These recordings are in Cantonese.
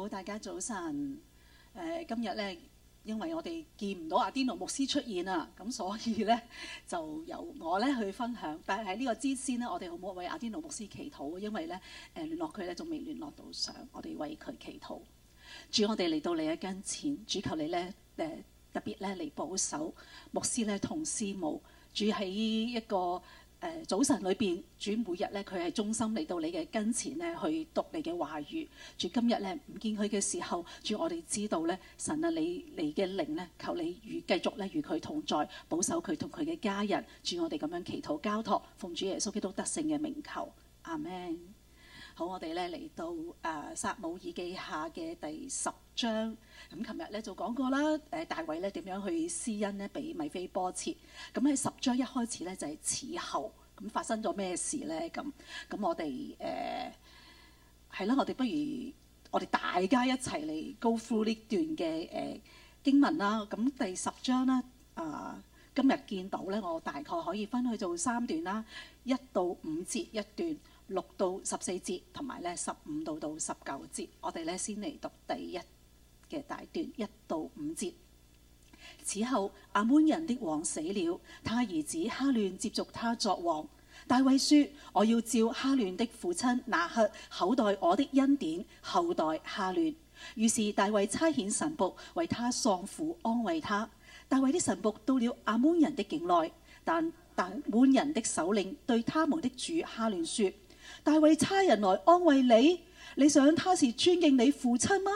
好，大家早晨。誒、呃，今日咧，因為我哋見唔到阿天奴牧師出現啊，咁所以咧就由我咧去分享。但係喺呢個之前呢，我哋好唔好為阿天奴牧師祈禱，因為咧誒聯絡佢咧仲未聯絡到上，我哋為佢祈禱。主，我哋嚟到你一跟前，主求你咧誒、呃、特別咧嚟保守牧師咧同師母主喺一個。誒、呃、早晨裡面，裏邊主每日咧，佢係忠心嚟到你嘅跟前咧，去讀你嘅話語。主今日咧唔見佢嘅時候，主我哋知道咧，神啊，你你嘅靈咧，求你與繼續咧與佢同在，保守佢同佢嘅家人。主我哋咁樣祈禱交託，奉主耶穌基督得勝嘅名求，阿門。好，我哋咧嚟到誒撒母耳記下嘅第十章。咁、嗯，琴日咧就講過啦。誒、呃，大衛咧點樣去施恩咧俾米非波設？咁、嗯、喺十章一開始咧就係、是、此後，咁、嗯、發生咗咩事咧？咁、嗯，咁、嗯、我哋誒係啦，我哋不如我哋大家一齊嚟 go through 呢段嘅誒、嗯、經文啦。咁、嗯、第十章咧，啊、嗯，今日見到咧，我大概可以分去做三段啦，一到五節一段。嗯嗯嗯六到十四節，同埋咧十五到到十九節，我哋咧先嚟讀第一嘅大段一到五節。此後，亞捫人的王死了，他兒子哈嫩接續他作王。大衛説：我要照哈嫩的父親拿轄厚待我的恩典，厚待哈嫩。於是大衛差遣臣僕為他喪父安慰他。大衛的臣僕到了亞捫人的境內，但亞捫人的首領對他們的主哈嫩説。大衛差人來安慰你，你想他是尊敬你父親嗎？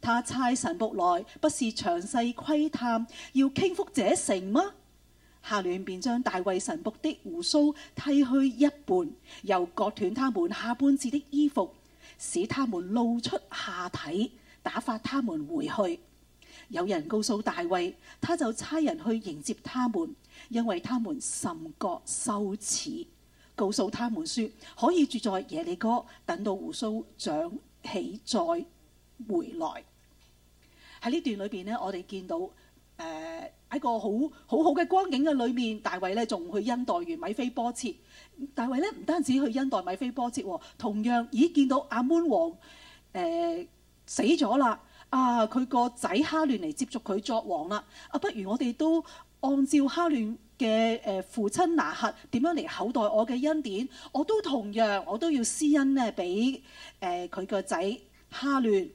他差臣僕來，不是詳細窺探，要傾覆這城嗎？哈嫩便將大衛臣僕的鬍鬚剃去一半，又割斷他們下半截的衣服，使他們露出下體，打發他們回去。有人告訴大衛，他就差人去迎接他們，因為他們甚覺羞恥。告訴他們說，可以住在耶利哥，等到鬍鬚長起再回來。喺呢段裏邊呢，我哋見到誒喺、呃、個好好好嘅光景嘅裏面，大衛呢仲去恩待完米菲波切。大衛呢唔單止去恩待米菲波徹，同樣已見到阿捫王誒、呃、死咗啦。啊，佢個仔哈亂嚟，接續佢作王啦。啊，不如我哋都按照哈亂。嘅誒父親拿轄點樣嚟厚待我嘅恩典，我都同樣，我都要施恩咧俾誒佢個仔哈嫩，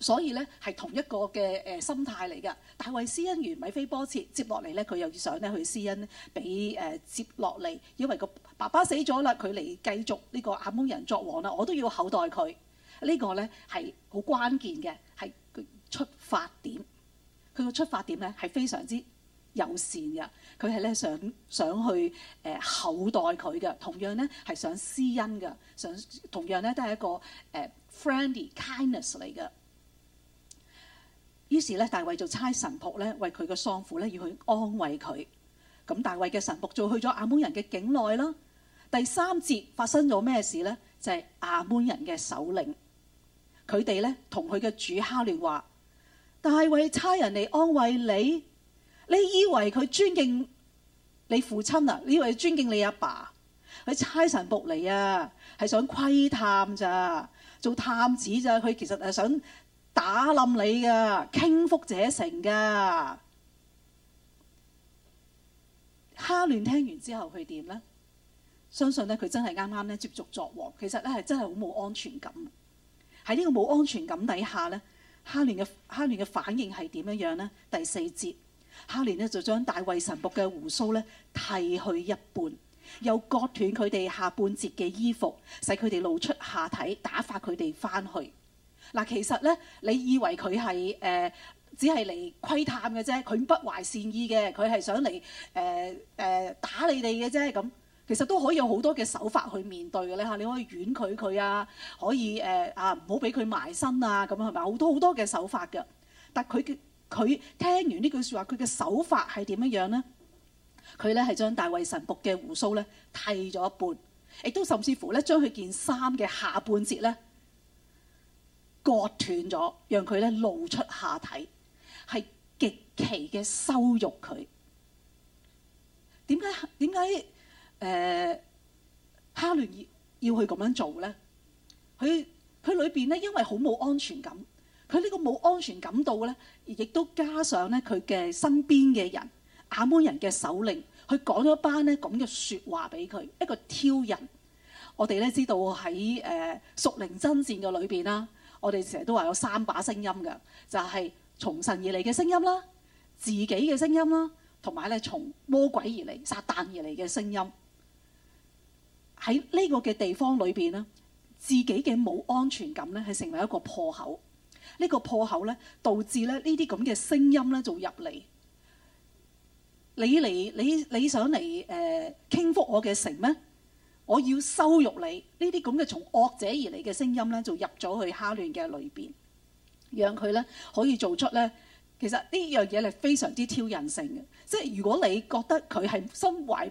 所以咧係同一個嘅誒、呃、心態嚟嘅。大衛施恩完米非波設，接落嚟咧佢又要想咧去施恩俾誒、呃、接落嚟，因為個爸爸死咗啦，佢嚟繼續呢個亞捫人作王啦，我都要厚待佢。這個、呢個咧係好關鍵嘅，係佢出發點。佢個出發點咧係非常之友善嘅，佢係咧想想去誒厚待佢嘅，同樣咧係想施恩嘅，想同樣咧都係一個誒 friendly kindness 嚟嘅。於是咧，大衛做差神僕咧，為佢嘅喪父咧要去安慰佢。咁大衛嘅神僕就去咗亞捫人嘅境內啦。第三節發生咗咩事咧？就係亞捫人嘅首領，佢哋咧同佢嘅主哈嫩話：大衛差人嚟安慰你。你以為佢尊敬你父親啊？你以為尊敬你阿爸？佢差神僕嚟啊，係想窺探咋？做探子咋？佢其實係想打冧你噶，傾覆者成噶。哈嫩聽完之後，佢點咧？相信咧佢真係啱啱咧接續作王，其實咧係真係好冇安全感。喺呢個冇安全感底下咧，哈嫩嘅哈嫩嘅反應係點樣樣咧？第四節。哈嫩咧就將大衛神僕嘅胡鬚咧剃去一半，又割斷佢哋下半截嘅衣服，使佢哋露出下體，打發佢哋翻去。嗱、啊，其實咧，你以為佢係誒只係嚟窺探嘅啫，佢不懷善意嘅，佢係想嚟誒誒打你哋嘅啫咁。其實都可以有好多嘅手法去面對嘅咧嚇，你可以婉拒佢啊，可以誒、呃、啊唔好俾佢埋身啊咁，係咪好多好多嘅手法嘅。但佢嘅佢聽完呢句説話，佢嘅手法係點樣樣咧？佢咧係將大衛神僕嘅胡鬚咧剃咗一半，亦都甚至乎咧將佢件衫嘅下半截咧割斷咗，讓佢咧露出下體，係極其嘅羞辱佢。點解，點解誒哈聯要，要去咁樣做咧？佢，佢裏邊呢，因為好冇安全感。佢呢個冇安全感到咧，而亦都加上咧佢嘅身邊嘅人亞捫人嘅首領，佢講咗班咧咁嘅説話俾佢，一個挑釁。我哋咧知道喺誒屬靈爭戰嘅裏邊啦，我哋成日都話有三把聲音嘅，就係從神而嚟嘅聲音啦，自己嘅聲音啦，同埋咧從魔鬼而嚟、撒但而嚟嘅聲音。喺呢個嘅地方裏邊咧，自己嘅冇安全感咧，係成為一個破口。呢個破口咧，導致咧呢啲咁嘅聲音咧，就入嚟。你嚟你你，你想嚟誒、呃、傾覆我嘅城咩？我要羞辱你。呢啲咁嘅從惡者而嚟嘅聲音咧，就入咗去哈亂嘅裏邊，讓佢咧可以做出咧。其實呢樣嘢係非常之挑人性嘅。即係如果你覺得佢係心懷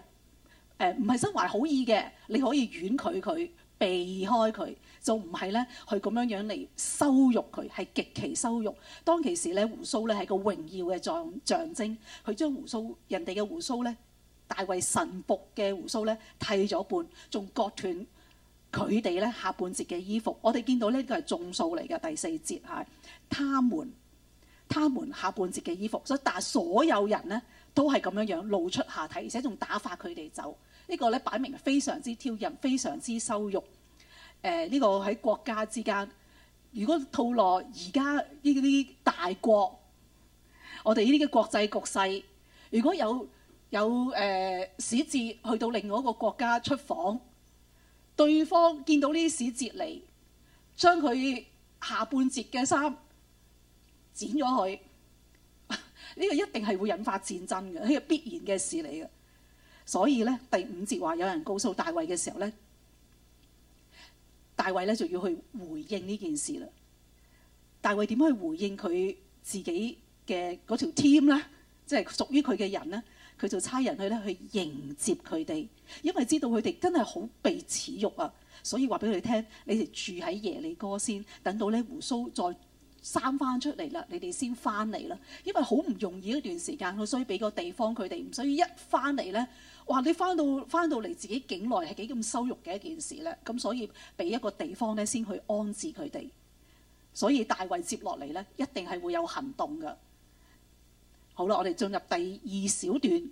誒唔係心懷好意嘅，你可以婉拒佢，避開佢。就唔係咧，佢咁樣樣嚟羞辱佢，係極其羞辱。當其時咧，鬍鬚咧係個榮耀嘅象象徵，佢將鬍鬚人哋嘅鬍鬚咧，大衛神僕嘅鬍鬚咧剃咗半，仲割斷佢哋咧下半截嘅衣服。我哋見到呢個係眾數嚟嘅，第四節係，他們他們下半截嘅衣服，所以但係所有人呢，都係咁樣樣露出下體，而且仲打發佢哋走。呢、這個咧擺明係非常之挑釁，非常之羞辱。誒呢、呃這個喺國家之間，如果套落而家呢啲大國，我哋呢啲嘅國際局勢，如果有有誒使節去到另外一個國家出訪，對方見到呢啲使節嚟，將佢下半截嘅衫剪咗佢，呢 個一定係會引發戰爭嘅，呢個必然嘅事嚟嘅。所以咧，第五節話有人告訴大衛嘅時候咧。大衛咧就要去回應呢件事啦。大衛點去回應佢自己嘅嗰條 team 咧？即係屬於佢嘅人咧，佢就差人去咧去迎接佢哋，因為知道佢哋真係好被恥辱啊，所以話俾佢哋聽：你哋住喺耶利哥先，等到咧胡鬚再生翻出嚟啦，你哋先翻嚟啦。因為好唔容易嗰段時間，佢所以俾個地方佢哋，唔需要一翻嚟咧。哇！你翻到翻到嚟自己境內係幾咁羞辱嘅一件事呢？咁所以俾一個地方呢先去安置佢哋，所以大衛接落嚟呢，一定係會有行動嘅。好啦，我哋進入第二小段，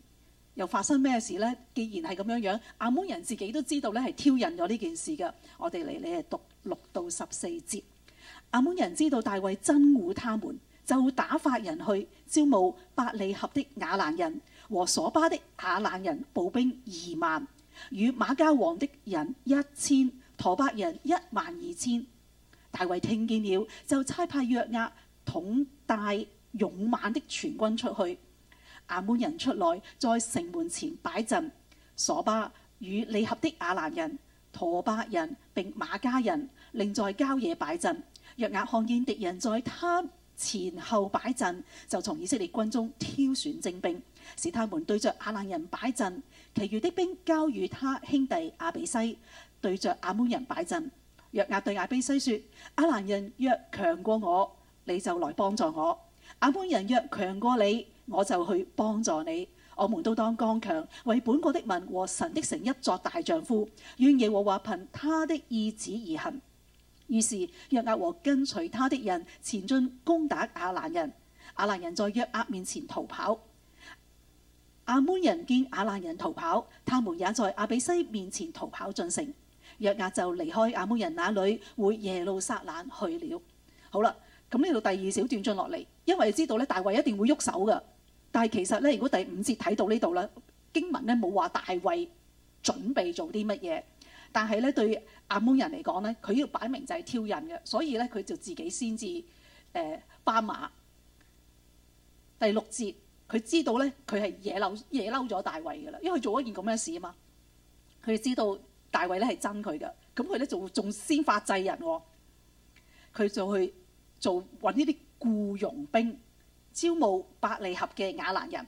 又發生咩事呢？既然係咁樣樣，亞捫人自己都知道呢係挑釁咗呢件事嘅。我哋嚟，你係讀六到十四節。亞捫人知道大衛憎惡他們，就打發人去招募伯利合的亞蘭人。和所巴的亞蘭人步兵二萬，與馬家王的人一千，陀伯人一萬二千。大衛聽見了，就差派約押統帶勇猛的全軍出去。亞門人出來，在城門前擺陣；所巴與利合的亞蘭人、陀伯人並馬家人，另在郊野擺陣。約押看見敵人在他前後擺陣，就從以色列軍中挑選精兵。使他們對着亞蘭人擺陣，其餘的兵交與他兄弟亞比西對着亞捫人擺陣。約押對亞比西說：亞蘭人若強過我，你就來幫助我；亞捫人若強過你，我就去幫助你。我們都當剛強，為本國的民和神的城邑作大丈夫。願耶和華憑他的意旨而行。於是約押和跟隨他的人前進攻打亞蘭人，亞蘭人在約押面前逃跑。亞捫人見亞蘭人逃跑，他們也在阿比西面前逃跑進城。約押就離開亞捫人那裏，回耶路撒冷去了。好啦，咁呢度第二小段進落嚟，因為知道咧大衛一定會喐手噶，但係其實咧如果第五節睇到呢度啦，經文咧冇話大衛準備做啲乜嘢，但係咧對亞捫人嚟講咧，佢要擺明就係挑釁嘅，所以咧佢就自己先至誒發馬。第六節。佢知道咧，佢係惹嬲惹嬲咗大衛嘅啦，因為佢做一件咁嘅事啊嘛。佢知道大衛咧係憎佢嘅，咁佢咧就仲先發制人喎、哦。佢就去做揾呢啲僱傭兵，招募伯利合嘅亞蘭人、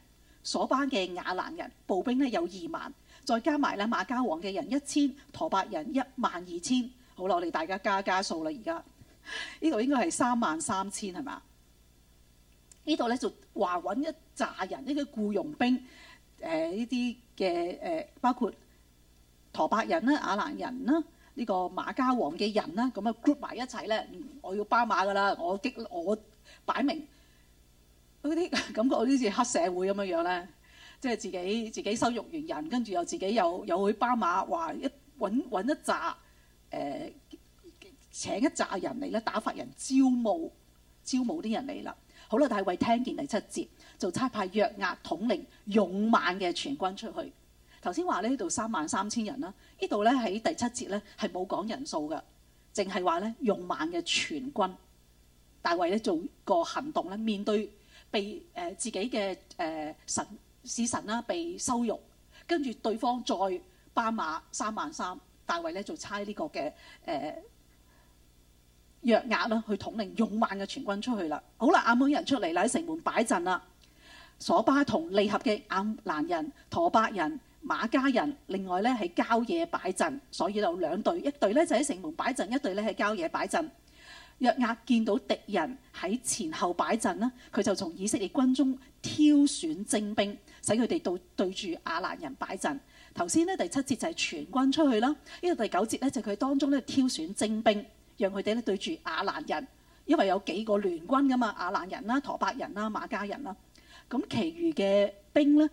瑣巴嘅亞蘭人，步兵咧有二萬，再加埋咧瑪迦王嘅人一千，陀伯人一萬二千。好啦，我哋大家加加數啦，而家呢度應該係三萬三千係嘛？呢度咧就話揾一紮人，呢個僱傭兵，誒呢啲嘅誒包括陀伯人啦、亞、啊、蘭人啦，呢、這個馬家王嘅人啦，咁啊 group 埋一齊咧，我要巴馬噶啦，我激我擺明嗰啲感覺好似黑社會咁樣樣咧，即係自己自己羞辱完人，跟住又自己又又去巴馬，話一揾揾一紮誒、呃、請一紮人嚟咧，打發人招募招募啲人嚟啦。好啦，大衛聽見第七節，就差派約押統領勇猛嘅全軍出去。頭先話呢度三萬三千人啦，呢度咧喺第七節咧係冇講人數嘅，淨係話咧勇猛嘅全軍，大衛咧做個行動咧面對被誒、呃、自己嘅誒使臣啦被羞辱，跟住對方再班馬三萬三，大衛咧就差呢、這個嘅誒。呃約押啦，去統領勇猛嘅全軍出去啦。好啦，亞捫人出嚟啦，喺城門擺陣啦。瑣巴同利合嘅亞蘭人、陀伯人、瑪迦人，另外咧係郊野擺陣，所以有兩隊，一隊咧就喺城門擺陣，一隊咧喺郊野擺陣。約押見到敵人喺前後擺陣呢，佢就從以色列軍中挑選精兵，使佢哋到對住亞蘭人擺陣。頭先呢第七節就係全軍出去啦，呢個第九節咧就佢當中咧挑選精兵。讓佢哋咧對住亞蘭人，因為有幾個聯軍㗎嘛，亞蘭人啦、陀伯人啦、馬加人啦，咁其餘嘅兵呢，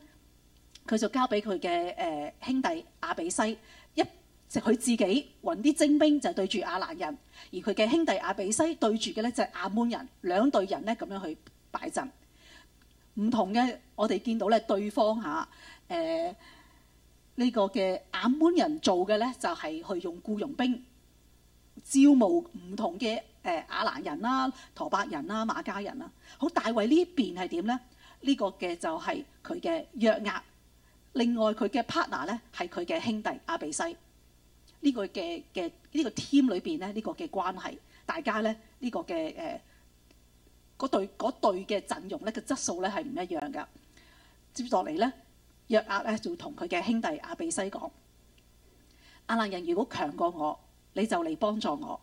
佢就交俾佢嘅誒兄弟亞比篩，一直佢自己揾啲精兵就係、對住亞蘭人，而佢嘅兄弟亞比篩對住嘅呢，就係亞捫人，兩隊人呢，咁樣去擺陣。唔同嘅，我哋見到咧對方吓誒呢個嘅亞捫人做嘅呢，就係、係、去用僱傭兵。招募唔同嘅誒亞蘭人啦、啊、陀伯人啦、啊、馬加人啦、啊，好，大衛呢邊係點咧？呢、這個嘅就係佢嘅約押。另外佢嘅 partner 咧係佢嘅兄弟阿比西。這個這個、呢、這個嘅嘅呢個 team 裏邊咧，呢個嘅關係，大家咧呢、這個嘅誒嗰隊嘅陣容咧嘅質素咧係唔一樣噶。接落嚟咧，約押咧就同佢嘅兄弟阿比西講：亞蘭人如果強過我。你就嚟幫助我，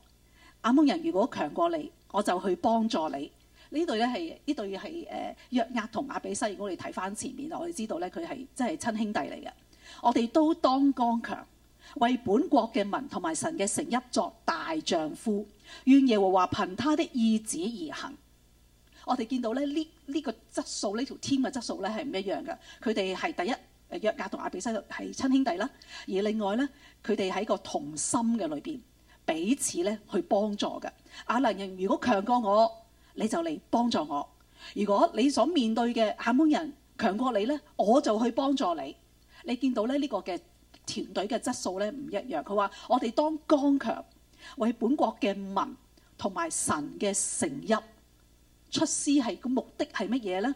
亞蒙人如果強過你，我就去幫助你。呢對咧係呢對係誒約押同亞比西。如果，我哋睇翻前面，我哋知道咧佢係真係親兄弟嚟嘅。我哋都當剛強，為本國嘅民同埋神嘅成一作大丈夫，願耶和華憑他的意旨而行。我哋見到咧呢呢、這個質素呢條 team 嘅質素咧係唔一樣嘅，佢哋係第一。約押同阿比西勒係親兄弟啦，而另外咧，佢哋喺個同心嘅裏邊彼此咧去幫助嘅。亞蘭人如果強過我，你就嚟幫助我；如果你所面對嘅亞門人強過你咧，我就去幫助你。你見到咧呢、呢個嘅團隊嘅質素咧唔一樣。佢話：我哋當剛強，為本國嘅民同埋神嘅城邑出師，係個目的係乜嘢咧？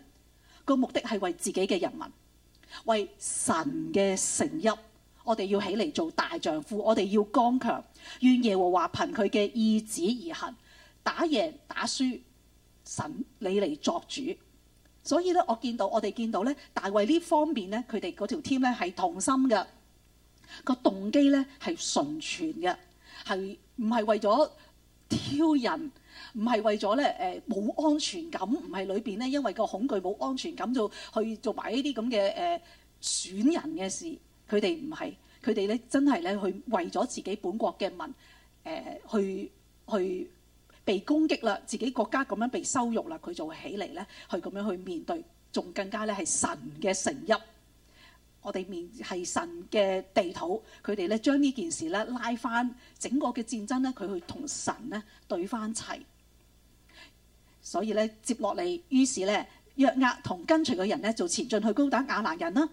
個目的係為自己嘅人民。為神嘅城邑，我哋要起嚟做大丈夫，我哋要剛強，願耶和華憑佢嘅意旨而行，打贏打輸，神你嚟作主。所以咧，我見到我哋見到咧大衛呢方面咧，佢哋嗰條 team 咧係同心嘅，個動機咧係純全嘅，係唔係為咗挑人？唔係為咗咧誒冇安全感，唔係裏邊咧因為個恐懼冇安全感就去做埋呢啲咁嘅誒損人嘅事，佢哋唔係，佢哋咧真係咧去為咗自己本國嘅民誒、呃、去去被攻擊啦，自己國家咁樣被羞辱啦，佢就起嚟咧去咁樣去面對，仲更加咧係神嘅城邑。.我哋面係神嘅地土，佢哋呢將呢件事呢拉翻整個嘅戰爭呢，佢去同神呢對翻齊。所以呢接落嚟，於是呢，約押同跟隨嘅人呢就前進去攻打亞蘭人啦。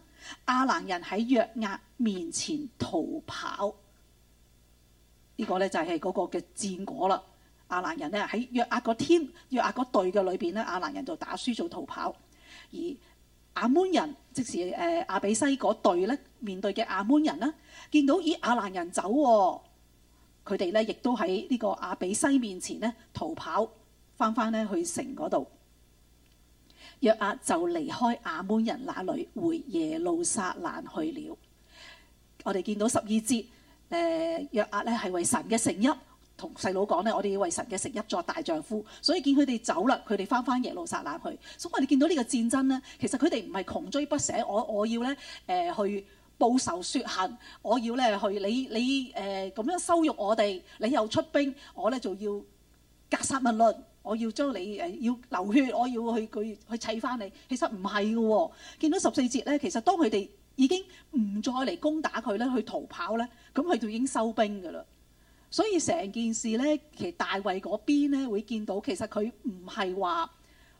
亞蘭人喺約押面前逃跑，呢、這個呢就係、是、嗰個嘅戰果啦。亞蘭人呢喺約押個天、約押個隊嘅裏邊呢，亞蘭人就打輸做逃跑而。亞捫人，即是誒亞、呃、比西嗰隊咧，面對嘅亞捫人啦，見到以亞蘭人走、哦，佢哋咧亦都喺呢個亞比篩面前咧逃跑，翻翻咧去城嗰度。約押就離開亞捫人那裏，回耶路撒冷去了。我哋見到十二節誒、呃，約押咧係為神嘅城邑。同細佬講咧，我哋要為神嘅成一作大丈夫，所以見佢哋走啦，佢哋翻返耶路撒冷去。所以你見到呢個戰爭咧，其實佢哋唔係窮追不捨。我我要咧誒、呃、去報仇雪恨，我要咧去你你誒咁、呃、樣羞辱我哋，你又出兵，我咧就要格殺勿論，我要將你誒、呃、要流血，我要去佢去砌翻你。其實唔係嘅喎，見到十四節咧，其實當佢哋已經唔再嚟攻打佢咧，去逃跑咧，咁佢就已經收兵嘅啦。所以成件事呢，其實大衛嗰邊呢會見到，其實佢唔係話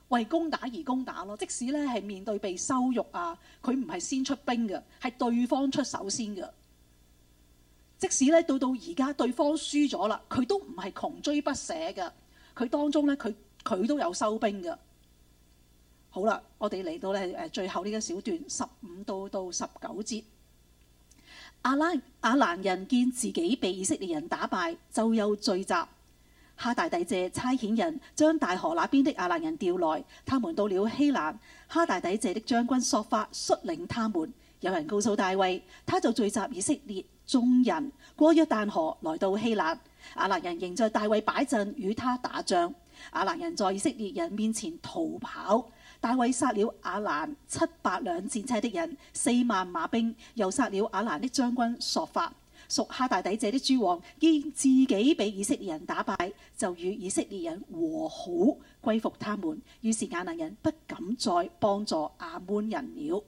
為攻打而攻打咯。即使呢係面對被羞辱啊，佢唔係先出兵嘅，係對方出手先嘅。即使呢到到而家對方輸咗啦，佢都唔係窮追不捨嘅。佢當中呢，佢佢都有收兵嘅。好啦，我哋嚟到呢誒最後呢一小段十五到到十九節。亞拉亞蘭人見自己被以色列人打敗，就又聚集。哈大底謝差遣人將大河那邊的亞蘭人調來，他們到了希蘭。哈大底謝的將軍索法率領他們。有人告訴大衛，他就聚集以色列眾人，過約旦河來到希蘭。亞蘭人仍在大衛擺陣與他打仗。亞蘭人在以色列人面前逃跑。大衛殺了亞蘭七百輛戰車的人，四萬馬兵，又殺了亞蘭的將軍朔法。屬哈大底謝的諸王見自己被以色列人打敗，就與以色列人和好，歸服他們。於是亞蘭人不敢再幫助亞捫人了。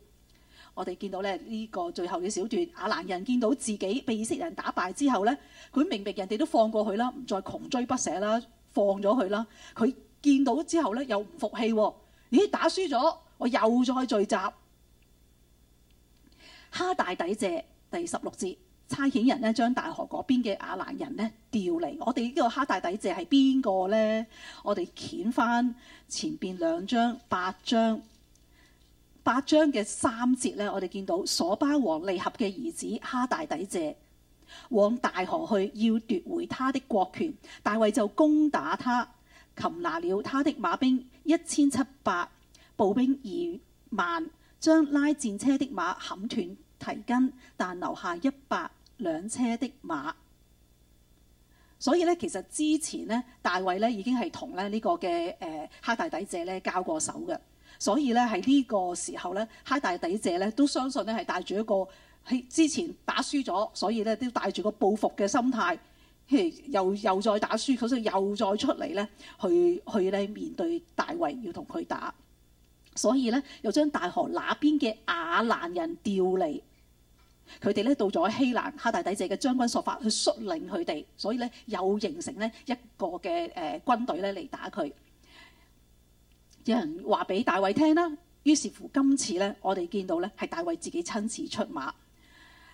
我哋見到咧呢、呢個最後嘅小段，亞蘭人見到自己被以色列人打敗之後呢，佢明明人哋都放過去啦，唔再窮追不捨啦，放咗佢啦，佢見到之後呢，又唔服氣。咦，打輸咗，我又再聚集哈大底謝。第十六節，差遣人咧將大河嗰邊嘅亞蘭人咧調嚟。我哋呢個哈大底謝係邊個呢？我哋掀返前邊兩章八章，八章嘅三節呢，我哋見到瑣巴王利合嘅兒子哈大底謝往大河去，要奪回他的國權。大衛就攻打他。擒拿了他的馬兵一千七百，步兵二萬，將拉戰車的馬砍斷蹄筋，但留下一百輛車的馬。所以咧，其實之前呢，大衛呢已經係同咧呢個嘅誒哈大底謝咧交過手嘅。所以咧喺呢個時候呢，哈大底謝呢都相信呢係帶住一個係之前打輸咗，所以呢都帶住個報復嘅心態。又又再打輸，佢就又再出嚟咧，去去咧面對大衛，要同佢打。所以呢，又將大河那邊嘅亞蘭人調嚟，佢哋呢，到咗希蘭，哈大底謝嘅將軍索法去率領佢哋，所以呢，又形成咧一個嘅誒軍隊咧嚟打佢。有人話俾大衛聽啦，於是乎今次呢，我哋見到呢係大衛自己親自出馬。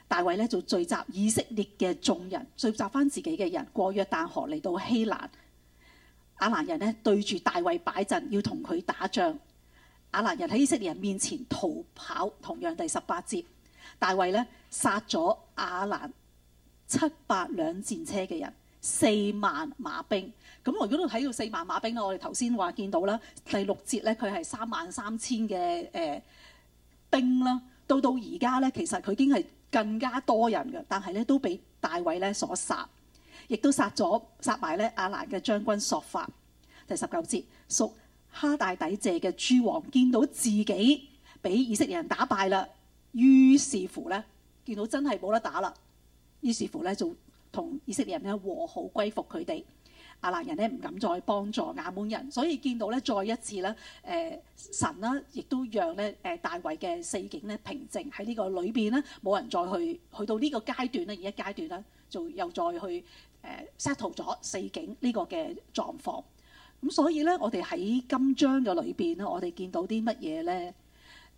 大衛咧就聚集以色列嘅眾人，聚集翻自己嘅人過約旦河嚟，到希蘭。阿蘭人呢對住大衛擺陣，要同佢打仗。阿蘭人喺以色列人面前逃跑，同樣第十八節，大衛咧殺咗阿蘭七百輛戰車嘅人，四萬馬兵。咁、嗯、我如果都睇到四萬馬兵啦，我哋頭先話見到啦，第六節咧佢係三萬三千嘅誒、呃、兵啦，到到而家咧其實佢已經係。更加多人嘅，但係咧都俾大衛咧所殺，亦都殺咗殺埋咧亞蘭嘅將軍朔法。第十九節，屬哈大底謝嘅諸王，見到自己俾以色列人打敗啦，於是乎咧，見到真係冇得打啦，於是乎咧就同以色列人咧和好歸服佢哋。亞蘭人咧唔敢再幫助亞門人，所以見到咧再一次咧，誒、呃、神啦，亦都讓咧誒大衛嘅四境咧平靜喺呢個裏邊咧，冇人再去去到呢個階段咧，而一階段咧就又再去誒 settle 咗四境呢個嘅狀況。咁所以咧，我哋喺今章嘅裏邊咧，我哋見到啲乜嘢咧？誒、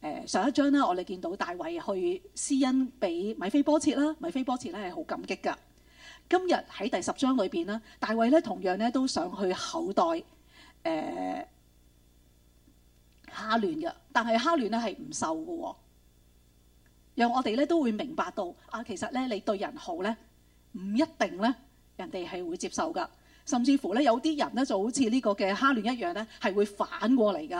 呃、上一章咧，我哋見到大衛去施恩俾米非波設啦，米非波設咧係好感激㗎。今日喺第十章裏邊咧，大衛咧同樣咧都想去厚待誒哈亂嘅，但係哈亂咧係唔受嘅、哦。讓我哋咧都會明白到啊，其實咧你對人好咧，唔一定咧人哋係會接受噶。甚至乎咧有啲人咧就好似呢個嘅哈亂一樣咧，係會反過嚟噶。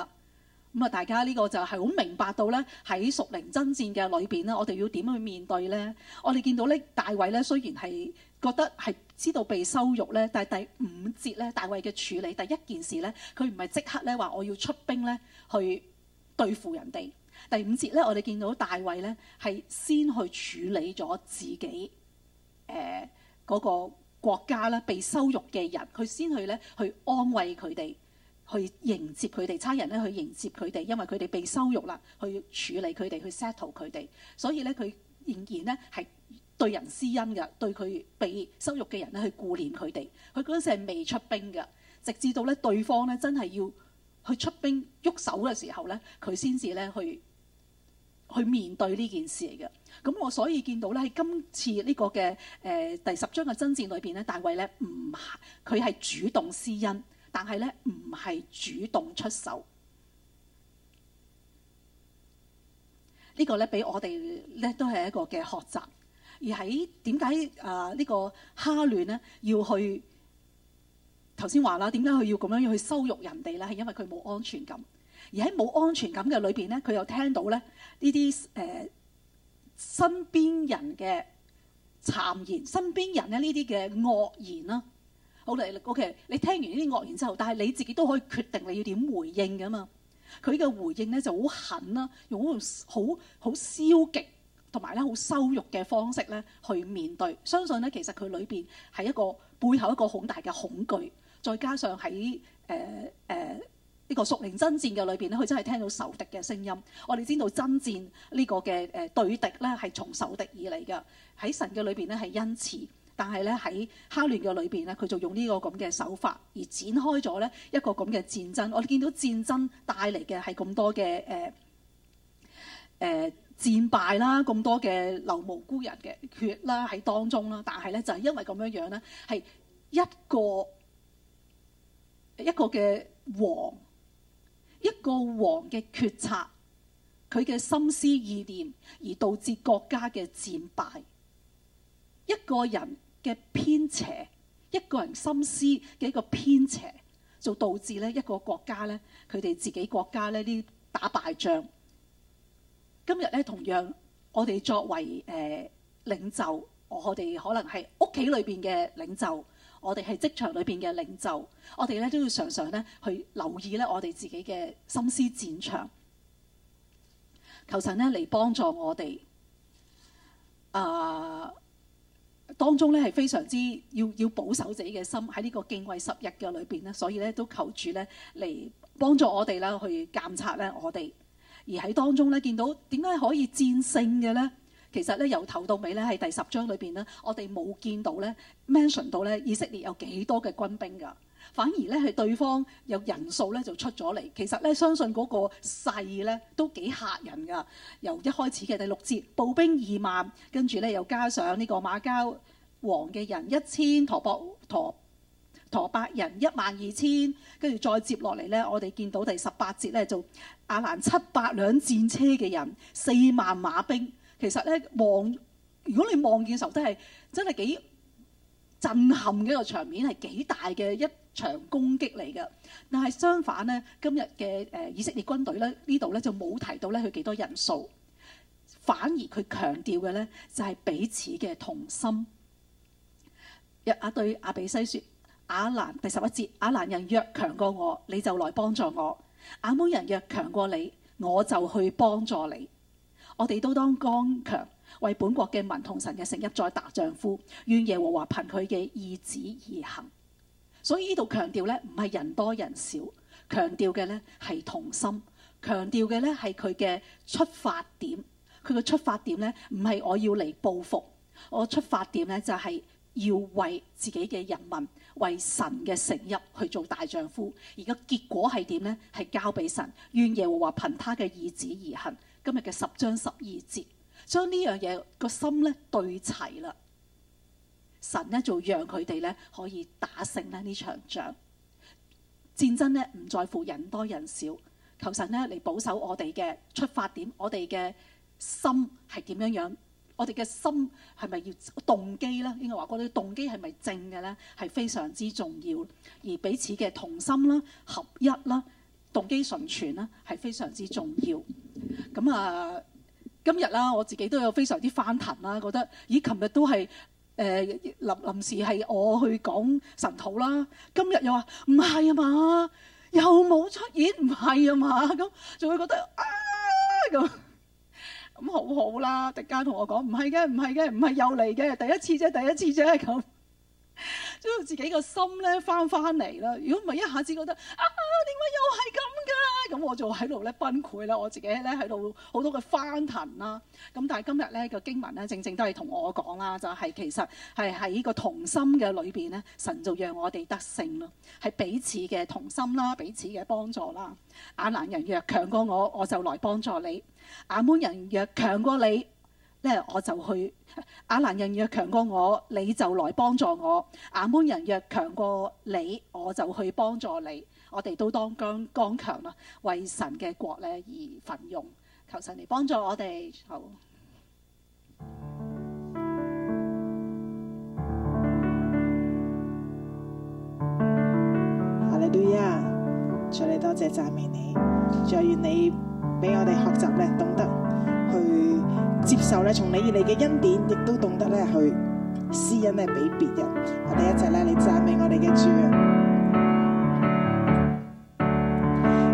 咁、嗯、啊，大家呢個就係好明白到咧，喺屬靈爭戰嘅裏邊咧，我哋要點去面對咧？我哋見到咧大衛咧雖然係，覺得係知道被羞辱咧，但係第五節咧，大衛嘅處理第一件事咧，佢唔係即刻咧話我要出兵咧去對付人哋。第五節咧，我哋見到大衛咧係先去處理咗自己誒嗰、呃嗰個國家啦，被羞辱嘅人，佢先去咧去安慰佢哋，去迎接佢哋差人咧去迎接佢哋，因為佢哋被羞辱啦，去處理佢哋，去 settle 佢哋，所以咧佢仍然咧係。對人施恩嘅，對佢被羞辱嘅人咧，去顧念佢哋。佢嗰陣時係未出兵嘅，直至到咧對方咧真係要去出兵喐手嘅時候咧，佢先至咧去去面對呢件事嚟嘅。咁我所以見到咧喺今次呢個嘅誒、呃、第十章嘅爭戰裏邊咧，大衛咧唔係佢係主動施恩，但係咧唔係主動出手。這個、呢個咧俾我哋咧都係一個嘅學習。而喺點解啊呢個哈嫩咧，要去頭先話啦，點解佢要咁樣要去羞辱人哋咧？係因為佢冇安全感。而喺冇安全感嘅裏邊咧，佢又聽到咧呢啲誒身邊人嘅讒言，身邊人咧呢啲嘅惡言啦。好、okay, 嚟，OK，你聽完呢啲惡言之後，但係你自己都可以決定你要點回應㗎嘛。佢嘅回應咧就好狠啦，用好好好消極。同埋咧，好羞辱嘅方式咧，去面對。相信咧，其實佢裏邊係一個背後一個好大嘅恐懼，再加上喺誒誒呢個熟靈爭戰嘅裏邊咧，佢真係聽到仇敵嘅聲音。我哋知道爭戰呢個嘅誒對敵咧係從仇敵以嚟嘅。喺神嘅裏邊咧係因此。但係咧喺哈 а 嘅裏邊咧，佢就用呢個咁嘅手法而展開咗咧一個咁嘅戰爭。我哋見到戰爭帶嚟嘅係咁多嘅誒誒，呃呃戰敗啦，咁多嘅流無辜人嘅血啦喺當中啦，但係咧就係因為咁樣樣咧，係一個一個嘅王，一個王嘅決策，佢嘅心思意念而導致國家嘅戰敗。一個人嘅偏斜，一個人心思嘅一個偏斜，就導致咧一個國家咧，佢哋自己國家呢啲打敗仗。今日咧，同樣我哋作為誒、呃、領袖，我哋可能係屋企裏邊嘅領袖，我哋係職場裏邊嘅領袖，我哋咧都要常常咧去留意咧我哋自己嘅心思戰場。求神咧嚟幫助我哋啊、呃！當中咧係非常之要要保守自己嘅心喺呢個敬畏十日嘅裏邊咧，所以咧都求主咧嚟幫助我哋啦，去監察咧我哋。而喺當中咧，見到點解可以戰勝嘅咧？其實咧，由頭到尾咧，喺第十章裏邊咧，我哋冇見到咧 mention 到咧以色列有幾多嘅軍兵噶，反而咧係對方有人數咧就出咗嚟。其實咧，相信嗰個勢咧都幾嚇人噶。由一開始嘅第六節，步兵二萬，跟住咧又加上呢個瑪迦王嘅人一千陀，陀伯陀，陀伯人一萬二千，跟住再接落嚟咧，我哋見到第十八節咧就亞蘭七百輛戰車嘅人四萬馬兵。其實咧，望如果你望見嘅時候都係真係幾震撼嘅一個場面，係幾大嘅一場攻擊嚟嘅。但係相反呢，今日嘅誒以色列軍隊咧呢度咧就冇提到咧佢幾多人數，反而佢強調嘅咧就係、是、彼此嘅同心。約押對亞比篩説。亞蘭第十一節：亞蘭人若強過我，你就來幫助我；亞捫人若強過你，我就去幫助你。我哋都當剛強，為本國嘅民同神嘅城邑作大丈夫，願耶和華憑佢嘅意旨而行。所以呢度強調咧，唔係人多人少，強調嘅咧係同心，強調嘅咧係佢嘅出發點。佢嘅出發點咧，唔係我要嚟報復，我出發點咧就係要為自己嘅人民。為神嘅誠意去做大丈夫，而個結果係點呢？係交俾神。願耶和華憑他嘅意旨而行。今日嘅十章十二節，將呢樣嘢個心咧對齊啦。神呢，就讓佢哋咧可以打勝咧呢場仗。戰爭呢，唔在乎人多人少。求神呢嚟保守我哋嘅出發點，我哋嘅心係點樣樣。我哋嘅心係咪要動機咧？應該話嗰啲動機係咪正嘅咧？係非常之重要，而彼此嘅同心啦、合一啦、動機純全啦，係非常之重要。咁啊、呃，今日啦，我自己都有非常之翻騰啦，覺得咦，琴日都係誒、呃、臨臨時係我去講晨禱啦，今日又話唔係啊嘛，又冇出現，唔係啊嘛，咁就會覺得啊咁。咁好好啦，迪嘉同我講，唔係嘅，唔係嘅，唔係又嚟嘅，第一次啫，第一次啫咁，將 自己個心咧翻返嚟啦。如果唔係一下子覺得啊，點解又係咁？咁我就喺度咧崩潰啦，我自己咧喺度好多嘅翻騰啦。咁但係今日咧嘅經文咧，正正都係同我講啦，就係、是、其實係喺呢個同心嘅裏邊咧，神就讓我哋得勝咯，係彼此嘅同心啦，彼此嘅幫助啦。亞蘭人若強過我，我就來幫助你；亞捫人若強過你咧，我就去。亞蘭人若強過我，你就來幫助我；亞捫人若強過你，我就去幫助你。我哋都當剛剛強啦，為神嘅國咧而奮勇，求神嚟幫助我哋。好，哈利路亞，主耶穌多謝讚美你，再願你俾我哋學習咧，懂得去接受咧，從你而嚟嘅恩典，亦都懂得咧去施恩咧俾別人。我哋一齊咧嚟讚美我哋嘅主人。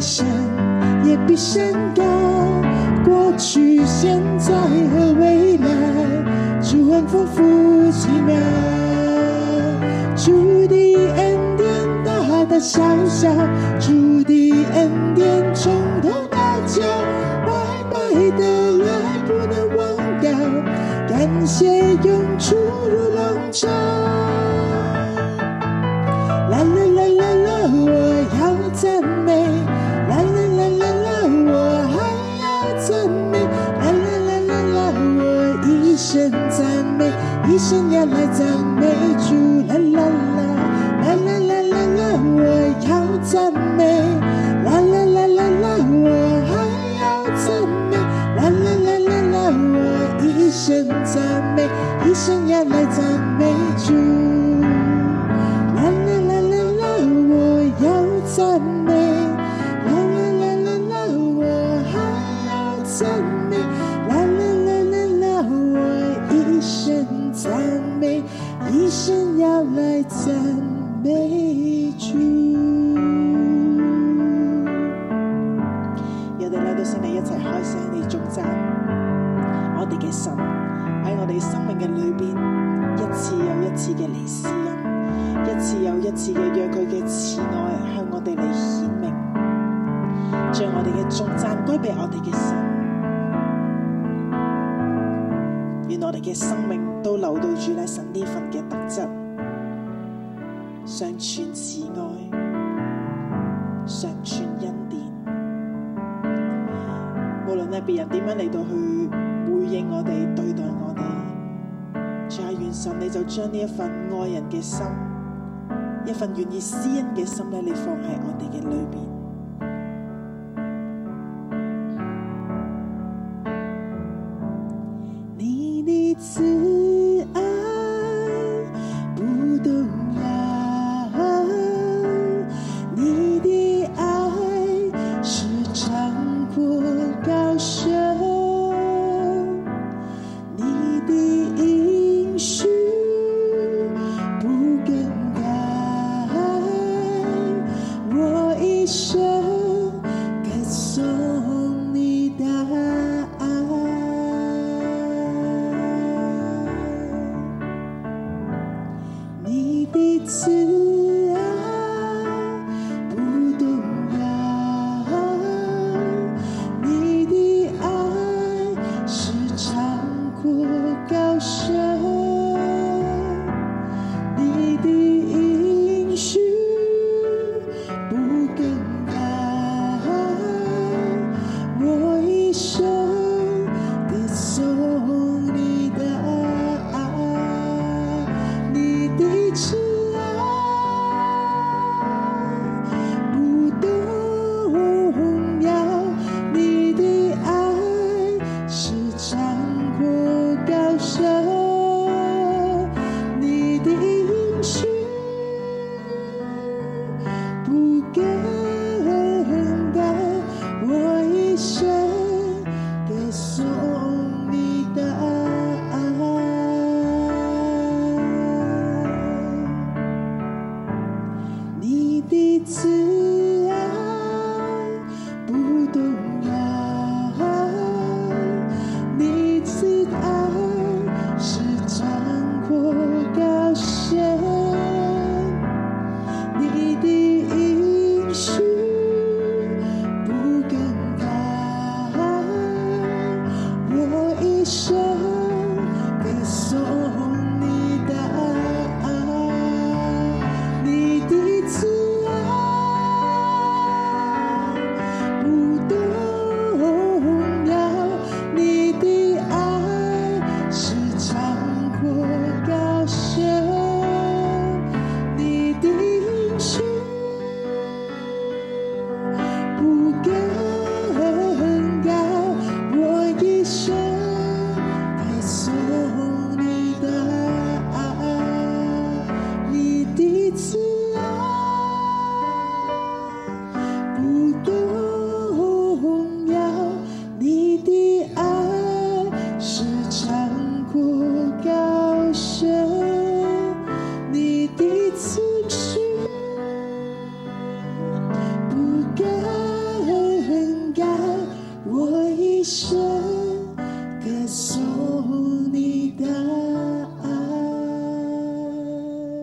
山也比山高，過去、現在和未來，祝福福氣滿，主的恩典大大小小，主的恩典從頭到腳，白白的。一份愛人嘅心，一份願意施恩嘅心咧，你放喺我哋嘅裏邊。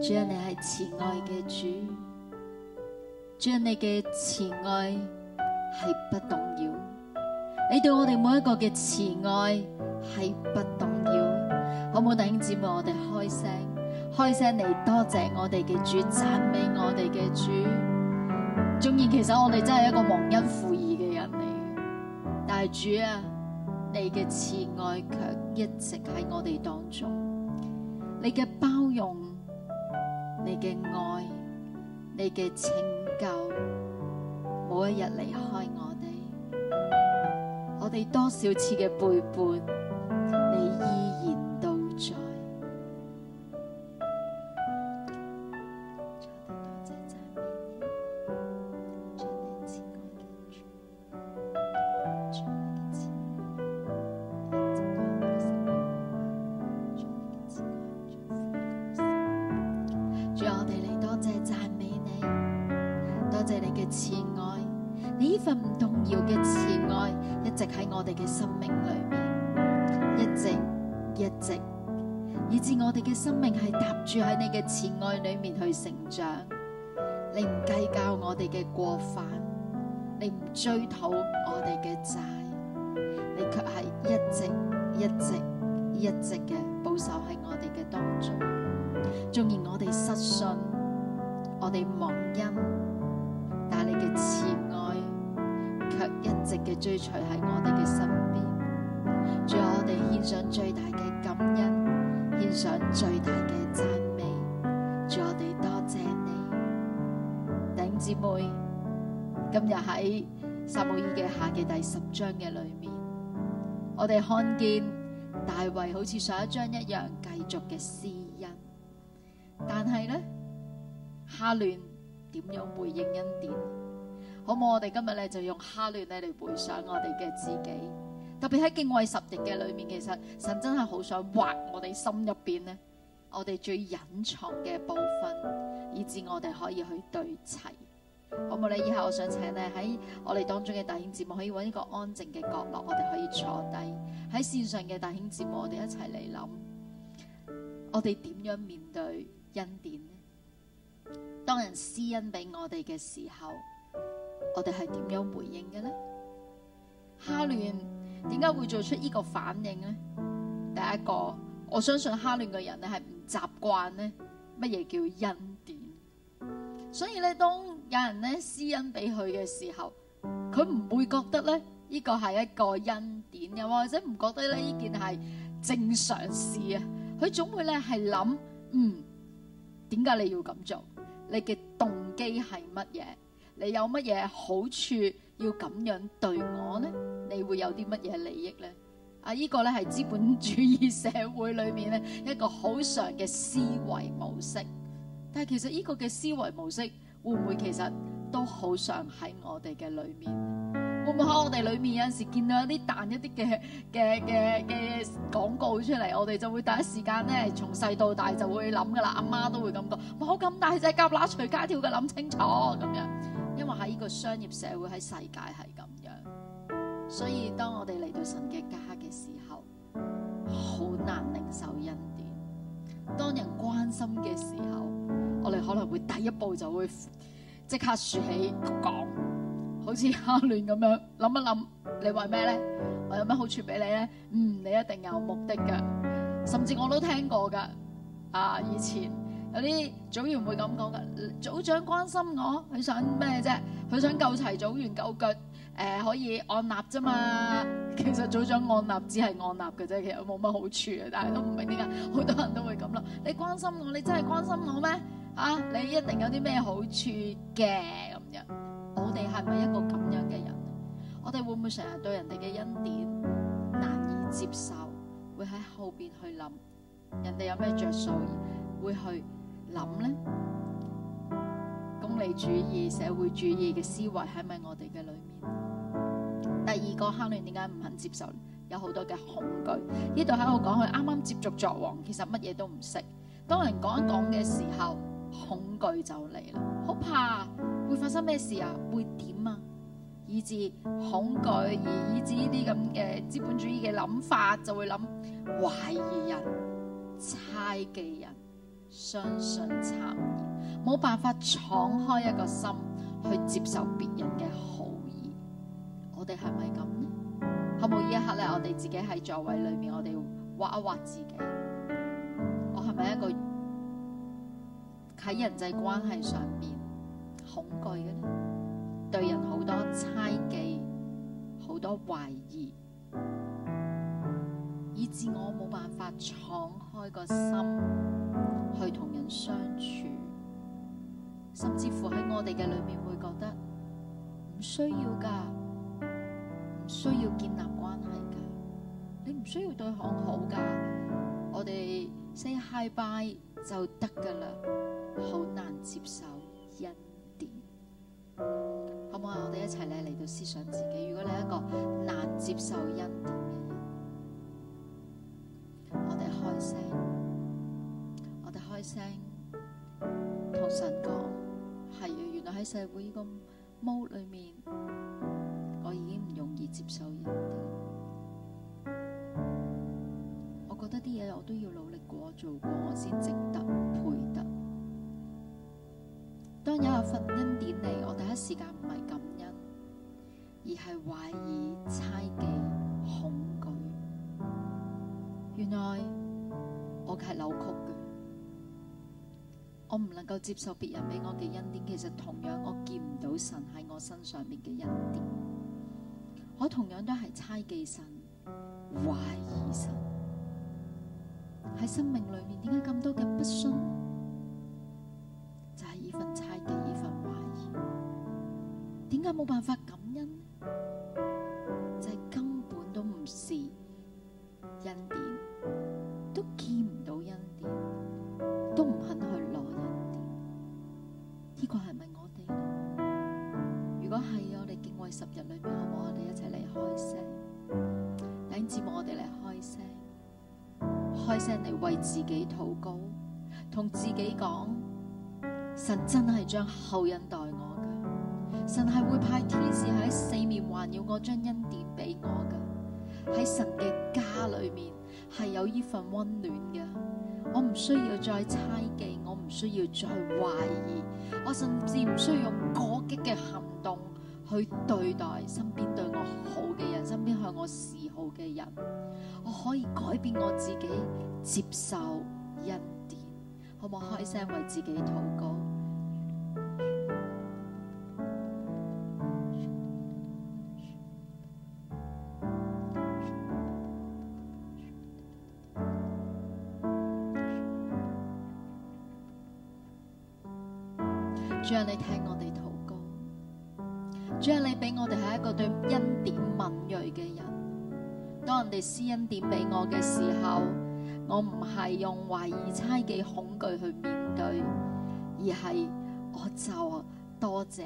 主啊，你係慈愛嘅主，主啊，你嘅慈愛係不動搖，你對我哋每一個嘅慈愛係不動搖。好唔好，弟兄姊妹，我哋開聲，開聲嚟多謝我哋嘅主，贊美我哋嘅主。縱然其實我哋真係一個忘恩負義嘅人嚟嘅，但係主啊，你嘅慈愛卻一直喺我哋當中，你嘅包容。你嘅愛，你嘅拯救，每一日離開我哋。我哋多少次嘅背叛，你意嘅追隨喺我哋嘅身邊，祝我哋獻上最大嘅感恩，獻上最大嘅讚美，祝我哋多謝你，頂姊妹。今日喺撒母耳記下嘅第十章嘅裏面，我哋看見大衛好似上一章一樣繼續嘅施恩，但係咧下聯點樣回應恩典？好冇？我哋今日咧就用哈亂咧嚟，回想我哋嘅自己，特別喺敬畏十億嘅裏面，其實神真係好想挖我哋心入邊呢，我哋最隱藏嘅部分，以至我哋可以去對齊。好冇？你以後我想請你喺我哋當中嘅大興節目，可以揾一個安靜嘅角落，我哋可以坐低喺線上嘅大興節目我，我哋一齊嚟諗，我哋點樣面對恩典呢？當人施恩俾我哋嘅時候。我哋係點樣回應嘅呢？哈嫩點解會做出呢個反應呢？第一個，我相信哈嫩嘅人咧係唔習慣咧乜嘢叫恩典，所以咧當有人咧施恩俾佢嘅時候，佢唔會覺得咧呢個係一個恩典，又或者唔覺得咧呢件係正常事啊！佢總會咧係諗，嗯，點解你要咁做？你嘅動機係乜嘢？你有乜嘢好處要咁樣對我咧？你會有啲乜嘢利益咧？啊，呢個咧係資本主義社會裏面咧一個好常嘅思維模式。但係其實呢個嘅思維模式會唔會其實都好常喺我哋嘅裏面？會唔會喺我哋裏面有陣時見到一啲彈一啲嘅嘅嘅嘅廣告出嚟，我哋就會第一時間咧從細到大就會諗噶啦。阿媽都會咁講：冇咁大隻蛤乸隨街跳嘅，諗清楚咁樣。因為喺呢個商業社會喺世界係咁樣，所以當我哋嚟到神嘅家嘅時候，好難領受恩典。當人關心嘅時候，我哋可能會第一步就會即刻豎起講，好似哈，哈亂咁樣諗一諗，你話咩咧？我有咩好處俾你咧？嗯，你一定有目的㗎，甚至我都聽過噶啊，以前。有啲組員會咁講噶，組長關心我，佢想咩啫？佢想救齊組員救腳，誒、呃、可以按立啫嘛。其實組長按立只係按立嘅啫，其實冇乜好處嘅。但係都唔明點解好多人都會咁咯。你關心我，你真係關心我咩？啊，你一定有啲咩好處嘅咁樣。我哋係咪一個咁樣嘅人？我哋會唔會成日對人哋嘅恩典難以接受，會喺後邊去諗人哋有咩着數，會去諗咧，功利主義、社會主義嘅思維喺咪我哋嘅裏面？第二個哈嫩點解唔肯接受？有好多嘅恐懼。呢度喺度講佢啱啱接觸作王，其實乜嘢都唔識。當人講一講嘅時候，恐懼就嚟啦，好怕會發生咩事啊？會點啊？以至恐懼而以至呢啲咁嘅資本主義嘅諗法，就會諗懷疑人、猜忌人。相信讒言，冇辦法敞開一個心去接受別人嘅好意。我哋係咪咁呢？可唔可以一刻咧，我哋自己喺座位裏面，我哋畫一畫自己。我係咪一個喺人際關係上面恐懼嘅咧？對人好多猜忌，好多懷疑，以致我冇辦法敞開個心。去同人相處，甚至乎喺我哋嘅裏面會覺得唔需要噶，唔需要建立關係噶，你唔需要對行好噶，我哋 say hi bye 就得噶啦，好難接受恩典，好唔好啊？我哋一齊咧嚟,到思想自己，如果你係一個難接受恩典嘅人，我哋開聲。開聲，同神講，係啊！原來喺社會呢個 mode 裏面，我已經唔容易接受人哋。我覺得啲嘢，我都要努力過，做過，我先值得配得。當有份恩典嚟，我第一時間唔係感恩，而係懷疑、猜忌、恐懼。原來我係扭曲嘅。我唔能夠接受別人俾我嘅恩典，其實同樣我見唔到神喺我身上面嘅恩典，我同樣都係猜忌神、懷疑神，喺生命裏面點解咁多嘅不信，就係、是、一份猜忌，一份懷疑，點解冇辦法講？同自己講，神真係將后人待我嘅，神係會派天使喺四面環繞我，將恩典俾我嘅。喺神嘅家裏面係有呢份溫暖嘅，我唔需要再猜忌，我唔需要再懷疑，我甚至唔需要用過激嘅行動去對待身邊對我好嘅人，身邊向我示好嘅人，我可以改變我自己，接受。恩典，可唔可以開聲為自己禱告？主啊， 你聽我哋禱告。主啊，你俾我哋係一個對恩典敏銳嘅人。當人哋施恩典俾我嘅時候，我唔係用懷疑、猜忌、恐懼去面對，而係我就多謝，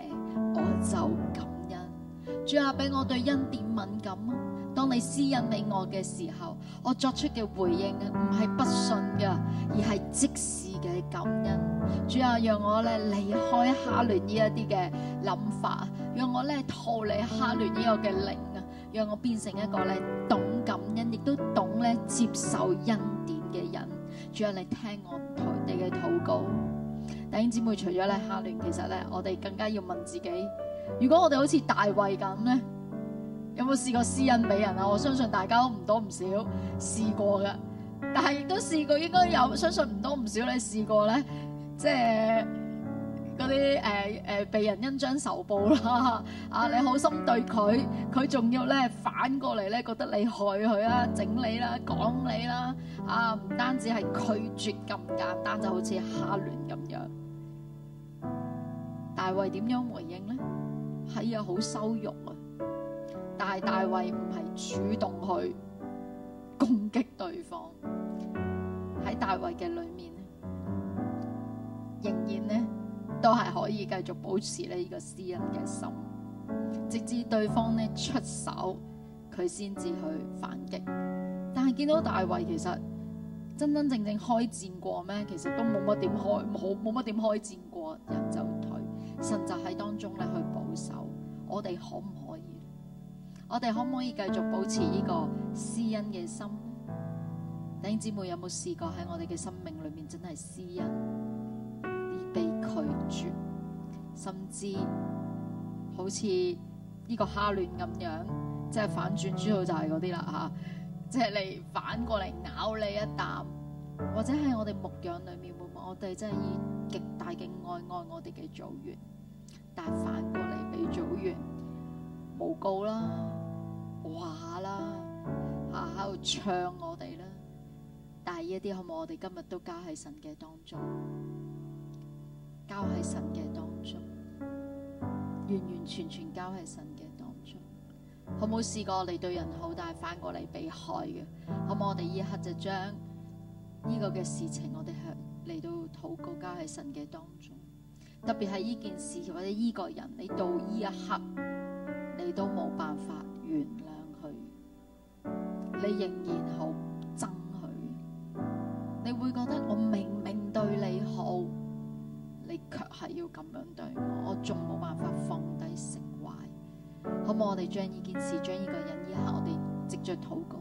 我就感恩。主啊，俾我對恩典敏感啊！當你施恩俾我嘅時候，我作出嘅回應唔係不信嘅，而係即時嘅感恩。主啊，讓我咧離開哈嫩呢一啲嘅諗法，讓我咧逃離哈嫩呢個嘅靈啊！讓我變成一個咧懂感恩，亦都懂。咧接受恩典嘅人，主啊，你聽我台地嘅禱告。弟兄姊妹，除咗咧哈聯，其實咧我哋更加要問自己：如果我哋好似大衛咁咧，有冇試過施恩俾人啊？我相信大家都唔多唔少試過噶，但係亦都試過應該，應該有相信唔多唔少你試過咧，即係。嗰啲誒誒被人恩將仇報啦！啊，你好心對佢，佢仲要咧反過嚟咧，覺得你害佢啦、整你啦、講你啦！啊，唔單止係拒絕咁簡單，就好似蝦亂咁樣。大衛點樣回應咧？係呀，好羞辱啊！但係大衛唔係主動去攻擊對方。喺大衛嘅裏面咧，仍然咧。都係可以繼續保持咧呢個施恩嘅心，直至對方咧出手，佢先至去反擊。但係見到大衛其實真真正正開戰過咩？其實都冇乜點開，冇乜點開戰過，人就退。神就喺當中咧去保守。我哋可唔可以？我哋可唔可以繼續保持呢個施恩嘅心？弟兄姊妹有冇試過喺我哋嘅生命裏面真係施恩？拒絕，甚至好似呢個蝦亂咁樣，即係反轉豬肚就係嗰啲啦，吓，即係你反過嚟咬你一啖，或者喺我哋牧養裏面，會唔會我哋真係以極大嘅愛愛我哋嘅組員，但係反過嚟俾組員誣告啦、話啦、啊喺度、啊、唱我哋啦，但係呢啲可唔可以我哋今日都加喺神嘅當中？交喺神嘅當中，完完全全交喺神嘅當中。好冇試過你對人好，但係反過嚟被害嘅？好冇，我哋呢刻就將呢個嘅事情，我哋係嚟到禱告，交喺神嘅當中。特別係呢件事或者呢個人，你到呢一刻，你都冇辦法原諒佢，你仍然好憎佢。你會覺得我明明對你好。你卻係要咁樣對我，我仲冇辦法放低成懷，好冇？我哋將呢件事、將呢個人，以後我哋直接禱告。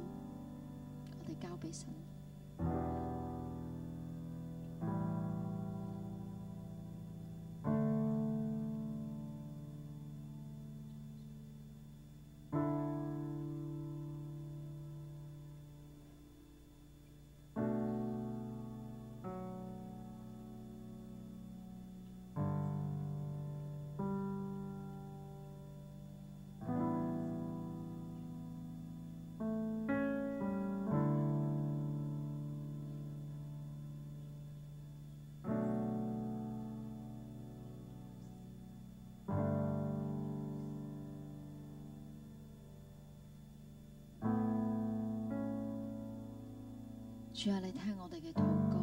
主啊，你聽我哋嘅禱告，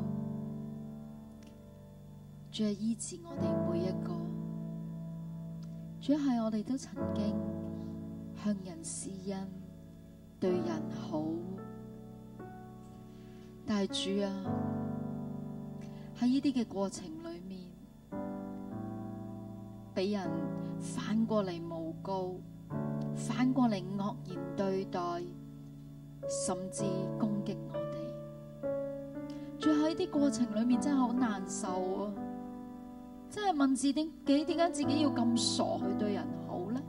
主啊，醫治我哋每一個，主啊，係我哋都曾經向人施恩，對人好，但係主啊，喺呢啲嘅過程裏面，俾人反過嚟誣告，反過嚟惡言對待，甚至攻擊我。啲過程裏面真係好難受啊！真係問自己，點解自己要咁傻去對人好咧？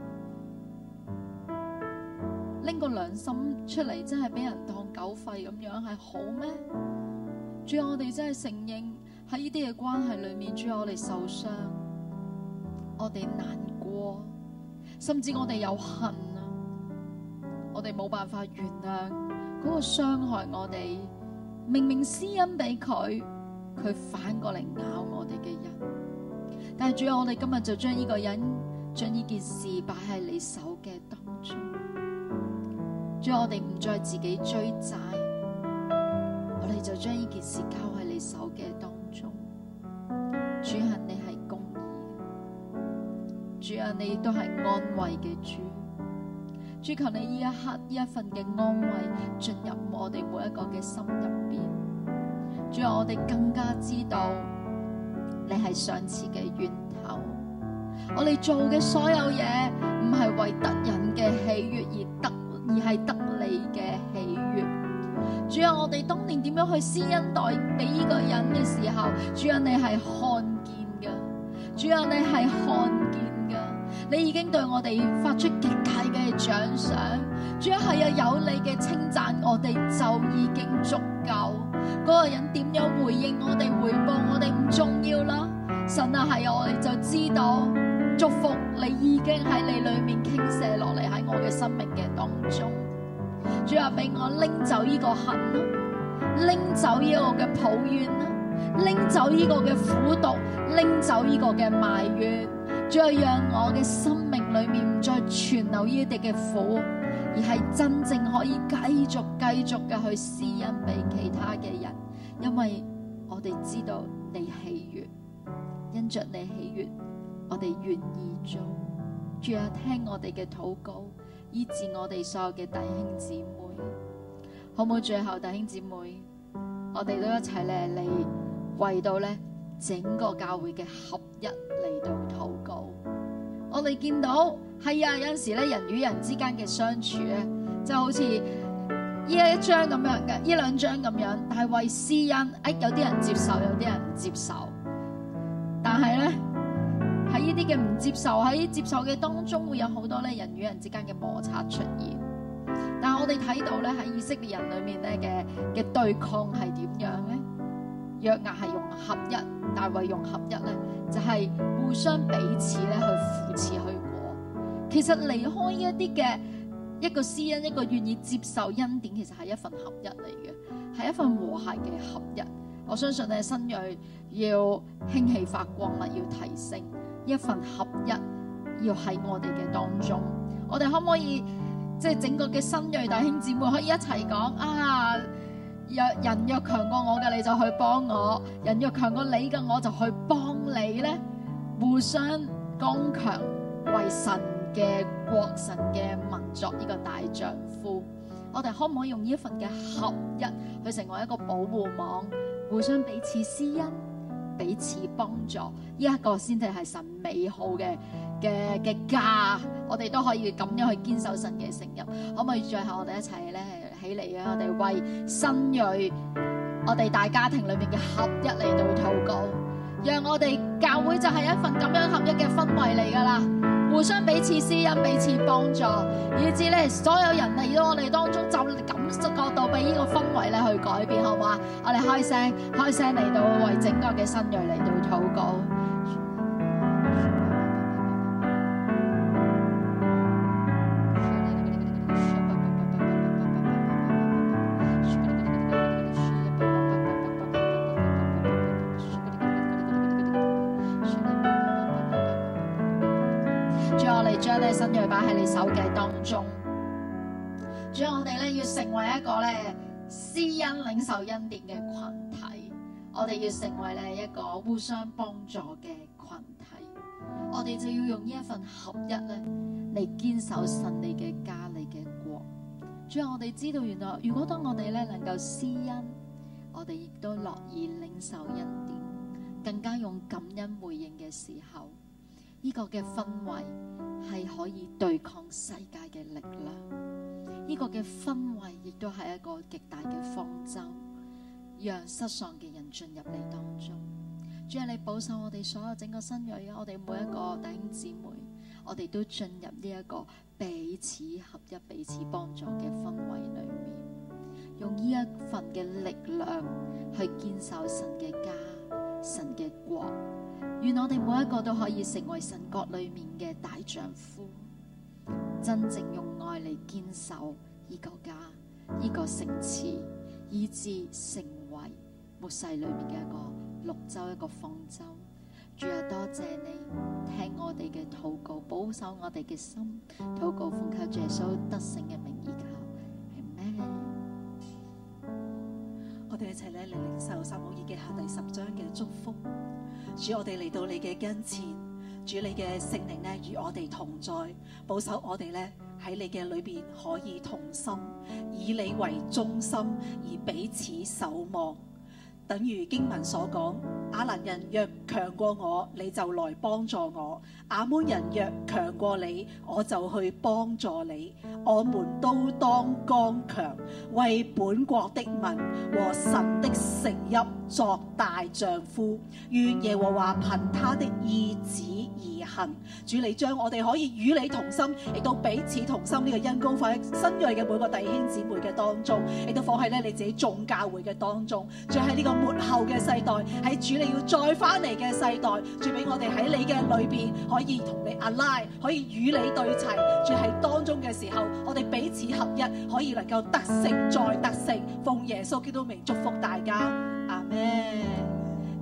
拎個良心出嚟，真係俾人當狗吠咁樣，係好咩？只要我哋真係承認喺呢啲嘅關係裏面，只要我哋受傷，我哋難過，甚至我哋有恨啊，我哋冇辦法原諒嗰個傷害我哋，明明施恩俾佢，佢反過嚟咬我哋嘅人。但係主啊，我哋今日就將呢個人、將呢件事擺喺你手嘅當中。主啊，我哋唔再自己追債，我哋就將呢件事交喺你手嘅當中。主啊，你係公義，主啊，你都係安慰嘅主。追求你呢一刻呢一份嘅安慰，進入我哋每一個嘅心入邊。主啊，我哋更加知道你係上次嘅源頭。我哋做嘅所有嘢唔係為得人嘅喜悅而得，而係得你嘅喜悅。主啊，我哋當年點樣去施恩待俾呢個人嘅時候，主啊，你係看見嘅。主啊，你係看見嘅。你已經對我哋發出極。獎賞，主要係有你嘅稱讚，我哋就已經足夠。嗰個人點樣回應我哋回報我哋唔重要啦。神啊，係啊，我哋就知道祝福你已經喺你裏面傾瀉落嚟喺我嘅生命嘅當中。主啊，俾我拎走呢個恨啦，拎走呢個嘅抱怨啦，拎走呢個嘅苦毒，拎走呢個嘅埋怨。再讓我嘅生命裏面唔再存留呢一啲嘅苦，而係真正可以繼續繼續嘅去施恩俾其他嘅人，因為我哋知道你喜悅，因着你喜悅，我哋願意做。仲有，聽我哋嘅禱告，醫治我哋所有嘅弟兄姊妹，好唔好？最後弟兄姊妹，我哋都一齊咧嚟跪到咧。整個教會嘅合一嚟到禱告，我哋見到係啊，有陣時咧人與人之間嘅相處咧，就好似呢一張咁樣嘅，依兩張咁樣，但係為私恩，誒、哎、有啲人接受，有啲人唔接受，但係咧喺依啲嘅唔接受，喺接受嘅當中會有好多咧人與人之間嘅摩擦出現，但係我哋睇到咧喺以色列人裏面咧嘅嘅對抗係點樣咧？約押係用合一，大衛用合一呢就係、是、互相彼此咧去扶持去過。其實離開一啲嘅一個施恩，一個願意接受恩典，其實係一份合一嚟嘅，係一份和諧嘅合一。我相信咧新銳要興起發光啦，要提升一份合一，要喺我哋嘅當中，我哋可唔可以即係、就是、整個嘅新銳弟兄姊妹可以一齊講啊？若人若強過我嘅，你就去幫我；人若強過你嘅，我就去幫你咧。互相剛強，為神嘅國、神嘅民族。呢個大丈夫。我哋可唔可以用呢一份嘅合一，去成為一個保護網，互相彼此私恩、彼此幫助，呢一個先至係神美好嘅。嘅嘅家，我哋都可以咁樣去堅守神嘅承諾，可唔可以最後我哋一齊咧起嚟啊？我哋為新銳，我哋大家庭裏面嘅合一嚟到禱告，讓我哋教會就係一份咁樣合一嘅氛圍嚟噶啦，互相彼此私隱，彼此幫助，以至咧所有人嚟到我哋當中就感覺到俾呢個氛圍咧去改變，好唔好？我哋開聲，開聲嚟到為整個嘅新銳嚟到禱告。手嘅當中，主要我哋咧要成為一個咧施恩領受恩典嘅群體，我哋要成為咧一個互相幫助嘅群體，我哋就要用呢一份合一咧嚟堅守神你嘅家、你嘅國。主要我哋知道，原來如果當我哋咧能夠施恩，我哋亦都樂意領受恩典，更加用感恩回應嘅時候。呢個嘅氛圍係可以對抗世界嘅力量，呢、這個嘅氛圍亦都係一個極大嘅方舟，讓失喪嘅人進入你當中。主啊，你保守我哋所有整個新銳，我哋每一個弟兄姊妹，我哋都進入呢一個彼此合一、彼此幫助嘅氛圍裏面，用呢一份嘅力量去堅守神嘅家、神嘅國。願我哋每一個都可以成為神國裏面嘅大丈夫，真正用愛嚟堅守依個家、依、依個城池，以致成為末世裏面嘅一個綠洲、一個方舟。主啊，多謝你聽我哋嘅禱告，保守我哋嘅心。禱告奉靠耶穌得勝嘅名。一齊咧嚟領受撒母耳記下第十章嘅祝福，主，我哋嚟到你嘅跟前，主，你嘅聖靈咧與我哋同在，保守我哋咧喺你嘅裏邊可以同心，以你為中心而彼此守望，等於經文所講，亞蘭人若強過我，你就來幫助我；亞捫人若強過你，我就去幫助你。我們都當剛強，為本國的民和神的城邑作大丈夫，願耶和華憑他的意旨而行。主，你將我哋可以與你同心，亦都彼此同心呢個恩膏放喺新銳嘅每個弟兄姊妹嘅當中，亦都放喺咧你自己眾教會嘅當中，再喺呢個末後嘅世代，喺主你要再翻嚟嘅世代，住俾我哋喺你嘅裏邊，可以同你 align，可以與你對齊，住係當中嘅時候，我哋彼此合一，可以能夠得勝再得勝。奉耶穌基督名祝福大家，阿門。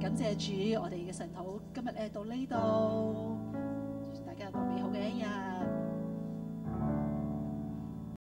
感謝主，我哋嘅神土今日咧到呢度，祝大家有個美好嘅一日。